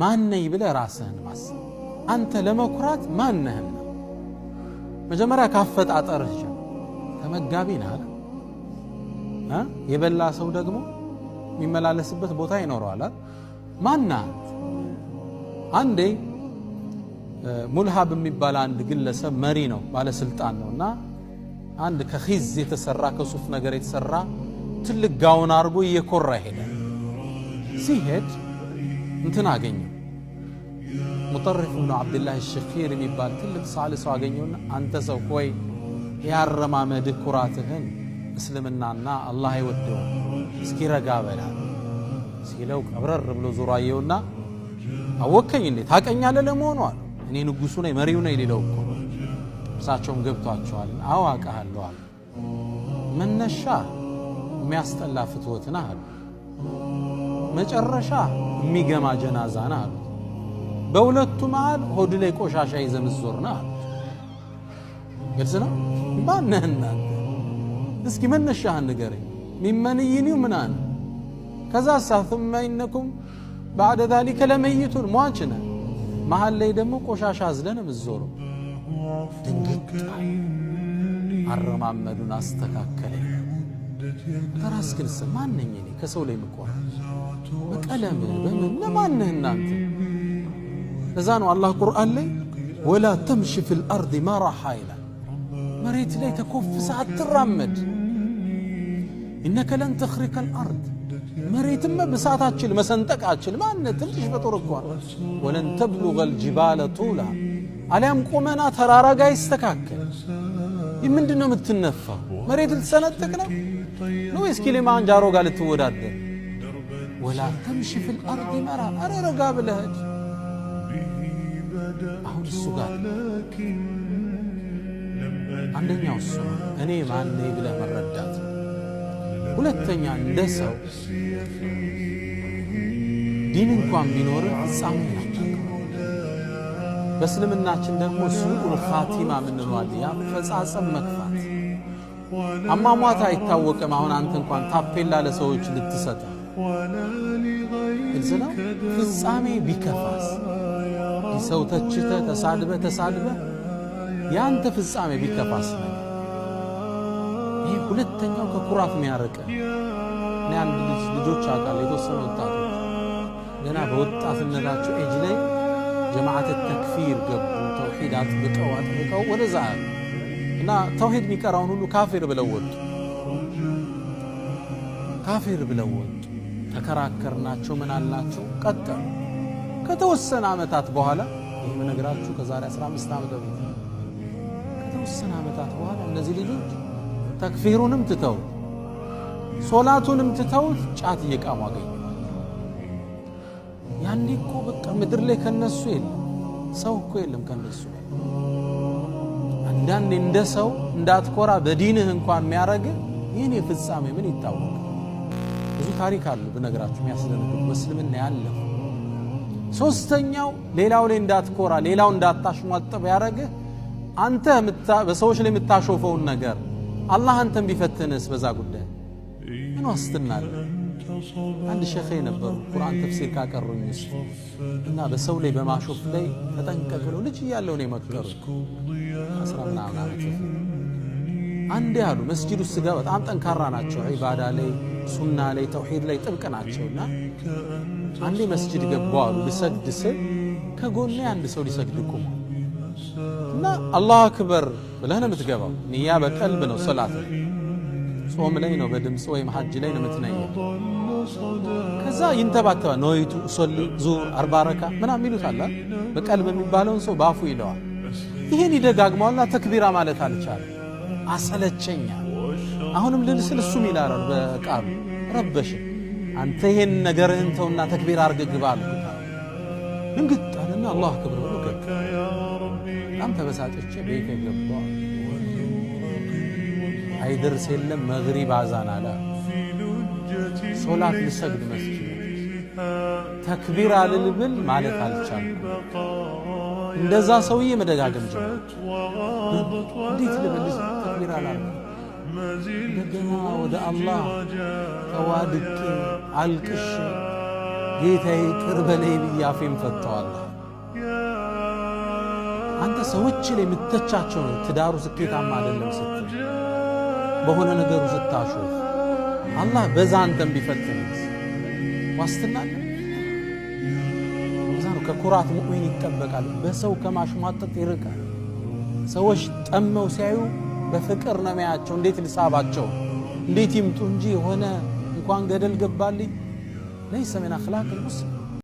ማነኝ ብለ ራስህን ማስ አንተ ለመኩራት ማነህም ነው። መጀመሪያ ካፈጣጠርህ ጀ ተመጋቢ ነህ አለ። የበላ ሰው ደግሞ የሚመላለስበት ቦታ ይኖረዋል። ማና አንዴ ሙልሃብ የሚባል አንድ ግለሰብ መሪ ነው፣ ባለስልጣን ነው እና አንድ ከኺዝ የተሰራ ከሱፍ ነገር የተሰራ ትልቅ ጋውን አድርጎ እየኮራ ሄደ ሲሄድ እንትን አገኘው ሙጠሪፍ ብኑ ዓብድላህ ሸኪር የሚባል ትልቅ ሳል ሰው አገኘውና አንተ ሰው ሆይ ያረማመድህ ኩራትህን እስልምናና አላህ አይወደውም እስኪረጋ በላል ሲለው ቀብረር ብሎ ዞሮ አየውና አወከኝ እንዴ ታቀኛለህ ለመሆኑ አለ እኔ ንጉሱ ነኝ መሪው ነኝ ሌለው እኮ እርሳቸውም ገብቷቸዋል አዎ አውቃለሁ አለ መነሻ የሚያስጠላ ፍትወትና አሉ መጨረሻ የሚገማ ጀናዛ ና አሉት። በሁለቱ መሃል ሆድ ላይ ቆሻሻ ይዘህ ምትዞር ና አሉት። ግልጽ ነው። ማነህ እናንተ? እስኪ መነሻህን ንገረኝ። ሚመንይኒው ምናን ከዛ ሳ ثم ባዕደ ዛሊከ ለመይቱን ሟች ነህ። መሃል ላይ ደግሞ ቆሻሻ አዝለን ምትዞሩ። ድንግጥ አረማመዱን አስተካከለኝ راسكن ما نيني كسو لي مكو بقلم بمن ما نهنا انت لزانو الله قران لي ولا تمشي في الارض ما راح الى مريت لي تكف ساعه ترمد انك لن تخرق الارض مريت ما بساعات ما سنتك اتشل ما نتلش بطرقوا ولن تبلغ الجبال طولا عليهم قمنا ترى راجع يستكاكل ምንድን ነው የምትነፋ? መሬት ልትሰነጥቅ ነው ወይስ ኪሊማንጃሮ ጋር ልትወዳደር? ወላ ተምሺ ፊል አርድ መራ። አረ ረጋ ብለህ አሁን እሱ ጋር አንደኛው እሱ እኔ ማን ነኝ ብለህ መረዳት፣ ሁለተኛ እንደ ሰው ዲን እንኳን ቢኖርህ ፍጻሜ በእስልምናችን ደግሞ ሱኡል ኻቲማ የምንለዋል። የአፈጻጸም መክፋት፣ አሟሟት አይታወቅም። አሁን አንተ እንኳን ታፔላ ለሰዎች ልትሰጥ ግልጽ ነው። ፍጻሜ ቢከፋስ ሰው ተችተ ተሳድበ ተሳድበ ያንተ ፍጻሜ ቢከፋስ ይህ ሁለተኛው ከኩራት የሚያርቅ እኔ አንድ ልጆች አውቃለሁ የተወሰነ ወጣቶች ገና በወጣትነታቸው እጅ ላይ ጀማዓት ተክፊር ገቡ። ተውሂድ አጥብቀው አጥብቀው ወደዛ እና ተውሂድ የሚቀራውን ሁሉ ካፊር ብለው ወጡ። ካፊር ብለው ወጡ። ተከራከርናቸው፣ ምን አልናቸው፣ ቀጠሉ። ከተወሰነ ዓመታት በኋላ ይህ መነግራችሁ ከዛሬ 15 ዓመት በፊት ከተወሰነ ዓመታት በኋላ እነዚህ ልጆች ተክፊሩንም ትተውት ሶላቱንም ትተውት ጫት እየቃሙ አገኙ። ያኔ እኮ በቃ ምድር ላይ ከነሱ የለም ሰው እኮ የለም ከነሱ አንዳንድ እንደ ሰው እንዳትኮራ በዲንህ እንኳን የሚያረግ ይህን የፍጻሜ ምን ይታወቅ። ብዙ ታሪክ አሉ ብነግራችሁ የሚያስደነግጥ በእስልምና ያለ። ሶስተኛው ሌላው ላይ እንዳትኮራ ሌላው እንዳታሽሟጥብ ያረግህ አንተ በሰዎች ላይ የምታሾፈውን ነገር አላህ አንተን ቢፈትንስ በዛ ጉዳይ ምን ዋስትና አንድ ሸኸ ነበሩ ቁርአን ተፍሲር ካቀሩኝ እሱ እና በሰው ላይ በማሾፍ ላይ ተጠንቀቅ ብለው ልጅ እያለሁ ነው የመከሩ። አስራ ምናምን ዓመት አንዴ አሉ መስጂድ ውስጥ ስጋ በጣም ጠንካራ ናቸው። ዒባዳ ላይ ሱና ላይ ተውሂድ ላይ ጥብቅ ናቸው። አንዴ መስጂድ ገባሁ አሉ ልሰግድ ስል ከጎኔ አንድ ሰው ሊሰግድ ቁሙ እና አላሁ አክበር ብለህ ነው የምትገባው። ንያ በቀልብ ነው ሰላት ነው ጾም ላይ ነው በድምፅ ወይም ሀጅ ላይ ነው የምትነየው። ከዛ ይንተባተባ ነወይቱ ሶሊ፣ ዙር አርባ ረካ ምናምን አለ በቀልብ የሚባለውን ሰው በአፉ ይለዋል። ይህን ይደጋግመዋልና ተክቢራ ማለት አልቻለ፣ አሰለቸኛ። አሁንም ልልስል እሱም ይላራል በቃሉ ረበሽ አንተ ይሄን ነገርህን ተውና ተክቢራ አርግግባል። እንግጣልና አላህ ክብር ብሎ ገባ። በጣም ተበሳጨቼ ቤት ገባ። አይደርስ የለም መግሪብ አዛን አለ። ሶላት ልሰግድ መስጊድ ተክቢር አልልብል ማለት አልቻልኩም። እንደዛ ሰውዬ መደጋገም ጀመረ። እንዴት ልበልስ? ተክቢር አላልኩም። እንደገና ወደ አላህ ተዋድቄ አልቅሽ ጌታዬ ይቅር በለኝ ብዬ አፌን ፈታዋለሁ። አንተ ሰዎችን ነው ትዳሩ ስኬታማ አይደለም ስትል በሆነ ነገሩ ስታሾፍ አላህ በዛ አንተም ቢፈትንስ ዋስትና እዛ ነው። ከኩራት ሙእሚን ይጠበቃል። በሰው ከማሽሟጠጥ ይርቃል። ሰዎች ጠመው ሲያዩ በፍቅር ነው የሚያቸው። እንዴት ልሳባቸው፣ እንዴት ይምጡ እንጂ የሆነ እንኳን ገደል ገባልኝ ለይሰ ሚን አኽላቅ ልሙስሊም